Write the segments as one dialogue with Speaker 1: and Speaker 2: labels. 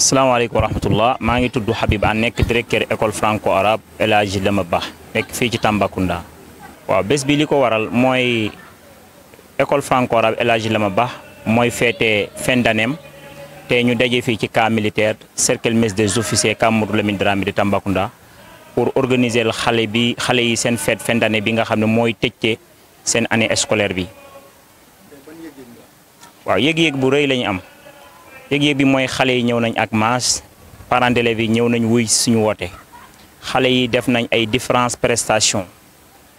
Speaker 1: salaamaaleykum wa rahmatullah maa ngi tudd Habib Hann nekk directeur école franco arabe El Hadji Lama Ba nekk fii ci Tambacounda waaw bés bi li ko waral mooy école franco arabe El Hadji Lama Ba mooy feete fin te ñu daje fii ci camp militaire cercle mess des officiers camp Modou Lamine Dramé de Tambacounda pour organiser xale bi xale yi seen fête fin bi nga xam ne mooy tëjte seen année scolaire bi waaw yëg-yëg bu rëy lañu am yëg-yëg bi moy xalé yi ñew nañ ak mass parents d'élèves yi ñew nañ wuy suñu woté xalé yi def nañ ay différence prestation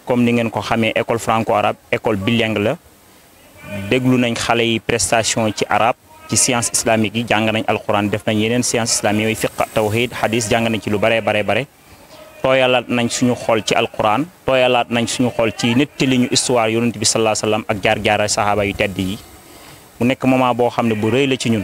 Speaker 1: comme ni ngeen ko xamé école franco arabe école bilingue la déglu nañ xalé yi prestation ci arab ci science islamique yi jang nañ alcorane def nañ yenen science islamique yi fiqh tawhid hadith jang nañ ci lu bare bare bare toyalat nañ suñu xol ci alcorane toyalat nañ suñu xol ci nettali ñu histoire yaronte bi sallallahu alayhi wasallam ak jaar jaaray sahaba yu teddi yi mu nek moment bo xam bu rëy la ci ñun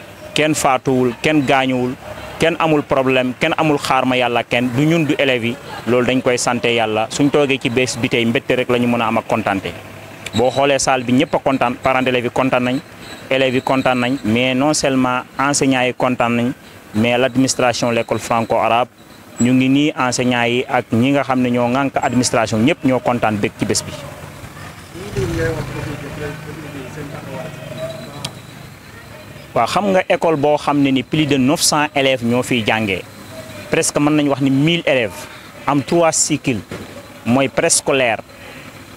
Speaker 1: kenn faatuwul kenn gaañuwul kenn amul problème kenn amul xaar ma yàlla kenn du ñun du élèves yi loolu dañ koy sante yàlla suñ toogee ci bés bi tey mbégte rek la ñu mën a am ak kontaante boo xoolee salle bi ñëpp a kontaan parents d'élèves yi kontaan nañ élèves yi kontaan nañ mais non seulement enseignants yi kontaan nañ mais l' administration l' école franco arabe ñu ngi nii enseignants yi ak ñi nga xam ne ñoo ŋànk administration ñëpp ñoo kontaan bég ci bés bi Je sais nga école plus de 900 élèves ont été presque mën nañ wax 1000 élèves am trois cycles prescolaires, préscolaire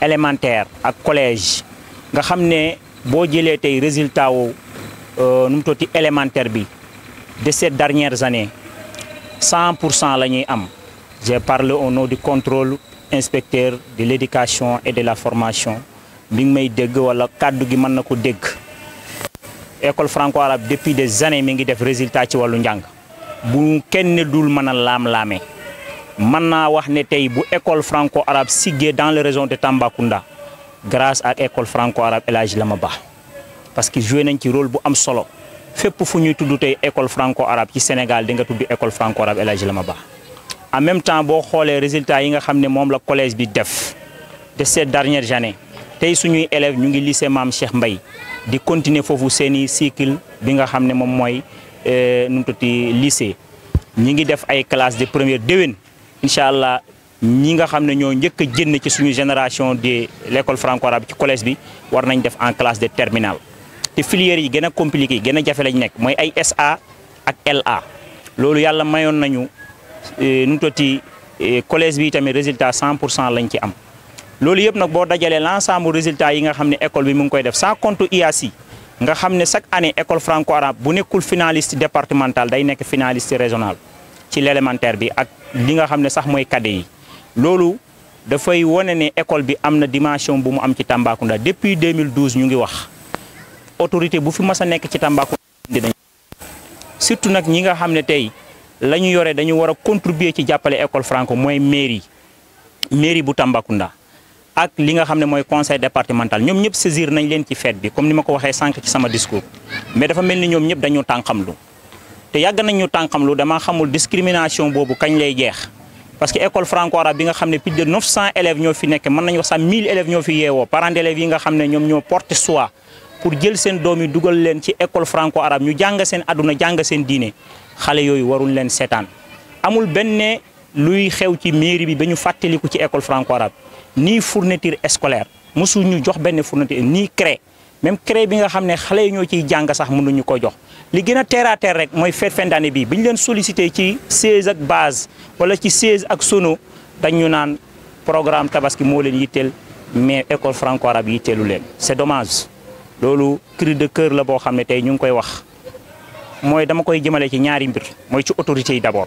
Speaker 1: élémentaire ak collège nga xamné bo jëlé tay résultat euh, élémentaire de ces dernières années 100 lañuy j'ai parlé au nom du contrôle inspecteur de l'éducation et de la formation bi may dégg wala kaddu gi école franco-arabe depuis des années mi ngi def résultat ci wàllu njàng bu kenn dul man a laam-laamee man naa wax ne tey bu école franco-arabe siggee dans la région de Tambacounda grâce ak école franco-arabe El Hadj Lama parce que joué nañ ci rôle bu am solo fépp fu ñuy tudd tey école franco-arabe ci Sénégal di nga tudd école franco-arabe El la Lama Ba même temps boo xoolee résultat yi nga xam ne moom la collège bi def de ces dernières années di continuer foofu seen i cycle bi nga xam ne moom mooy euh, nu mu tuddati lycée ñi ngi def ay classe de première déwén incha allah ñi nga xam ne ñoo njëkk a ci suñu génération de l' école franco ci collège bi war nañ def en classe de terminal te filières yi gën a compliqué gën a jafe lañ nekk mooy ay SA ak LA loolu yàlla mayoon nañu euh, nu mu euh, collège bi tamit résultat cent pour cent lañ ci am. loolu yëpp nag boo dajalee l' ensemble résultat yi nga xam ne école bi mu ngi koy def sans compte IACI nga xam ne chaque année école franco bu nekkul finaliste départemental day nekk finaliste régional ci l' bi ak li nga xam ne sax mooy cadet yi loolu dafay wane ne école bi am na dimension bu mu am ci Tambacounda depuis 2012 ñu ngi wax autorité bu fi mas a nekk ci Tambacounda dinañ surtout nag ñi nga xam ne tey la ñu yore dañu war a contribuer ci jàppale école franco mooy mairie mairie bu Tambacounda ak li nga xam ne mooy conseil départemental ñoom ñëpp saisir nañ leen ci fête bi comme ni ma ko waxee sànq ci sama discours mais dafa mel ni ñoom ñëpp dañu tànqamlu te yàgg nañ ñu tànqamlu damaa xamul discrimination boobu kañ lay jeex parce que école franco-arabe bi nga xam ne plus de 900 élèves ñoo fi nekk mën ne ñoom ñoo porte soi pour jël seen doom yi dugal leen ci école franco-arabe ñu jàng seen àdduna jàng seen diine xale yooyu waruñ leen seetaan amul benn luy xew ci mairie bi ba ñu fàttaliku ci école franco-arabe nii fourniture scolaire mosu ñu jox benn fourniture nii craie même craie bi nga xam ne xale yi ñoo ciy jàng sax mënuñu ko jox. li gën a terre à rek mooy fête fin d'année bi bi ñu leen solicité ci 16 ak base wala ci 16 ak sono ñu naan programme tabaski moo leen yitteel mais école franco-arabe yitteelu leen c'est dommage loolu cri de cœur la boo xam ne tey ñu ngi koy wax mooy dama koy jëmale ci ñaari mbir mooy ci autorités yi d'abord.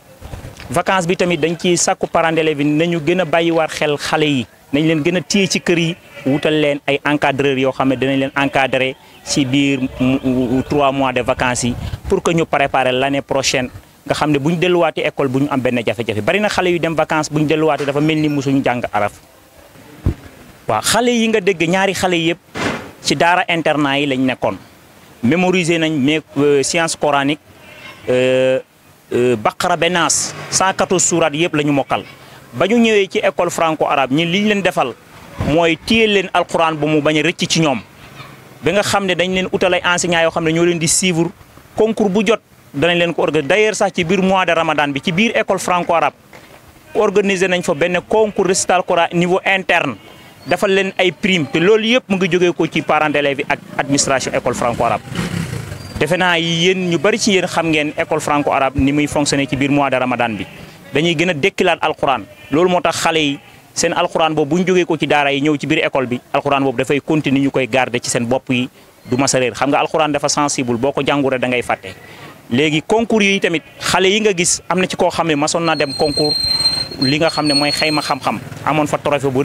Speaker 1: vacances bi tamit dañ ci sakku parents d'élèves bi nañu gëna bayyi war xel xalé yi nañ leen gëna a ci kër yi wutal leen ay encadreur yo xam dañ leen encadrer ci biir 3 mois de vacances pour que ñu préparer l'année prochaine nga xamné buñ déllu waté école buñ am benn jafé jafé bari na xalé yu dem vacances buñ déllu waté dafa melni musuñu araf wa xalé yi nga dégg ñaari xalé yépp ci daara internat yi lañ nekkoon mémoriser nañ mais euh, science coranique euh, Eh, bakara Benas, naas 114 sourates yëpp lañu mokal bañu ñëwé ci école franco arabe ñi liñ leen defal moy tiyel leen alquran bu mu bañ a rëcc ci ñom bi nga xamné dañ leen utal ay enseignants yoo ñoo leen di suivre concours bu jot dañ leen ko organiser d'ailleurs sax ci bir mois de ramadan bi ci bir école franco arabe organiser nañ fa benn concours récital coran niveau interne defal leen ay prime te lool yëpp mu ngi joggé ko ci parents d'élèves ak administration école franco arabe defena naa yéen ñu bari ci yéen xam ngeen école franco arabe ni muy fonctionner ci biir mois de ramadan bi dañuy gën a dekkilaat alquran loolu moo tax xale yi seen alquran boobu bu ñu jógee ko ci daara yi ñëw ci biir école bi alquran boobu dafay continuer ñu koy garder ci seen bopp yi du masa réer xam nga alquran dafa sensible boo ko jàngure da ngay fàtte léegi concours yi tamit xale yi nga gis am ci koo xam ne masoon naa dem concours li nga xam ne mooy xam-xam fa trophée bu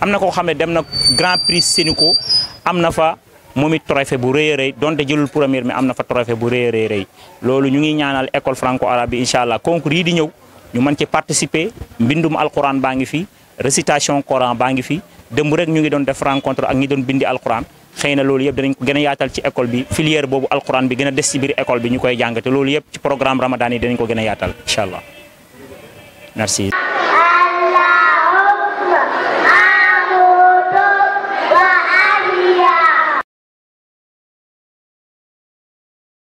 Speaker 1: am na dem na grand prix Sénico amna fa moom it trophée bu rëy a rëy donte jëlul première mais am na fa trophée bu rëy a rëy loolu ñu ngi ñaanal école franco arabe bi incha allah concours yi di ñëw ñu mën ci participer mbindum alquran baa ngi fi récitation coran baa ngi fi dëmb rek ñu ngi doon def rencontre ak ñi doon bindi alquran xëy na loolu yëpp danañ ko gën a yaatal ci école bi filière boobu alquran bi gën a des ci biir école bi ñu koy jàng te loolu yëpp ci programme ramadan yi danañ ko gën a yaatal incha allah merci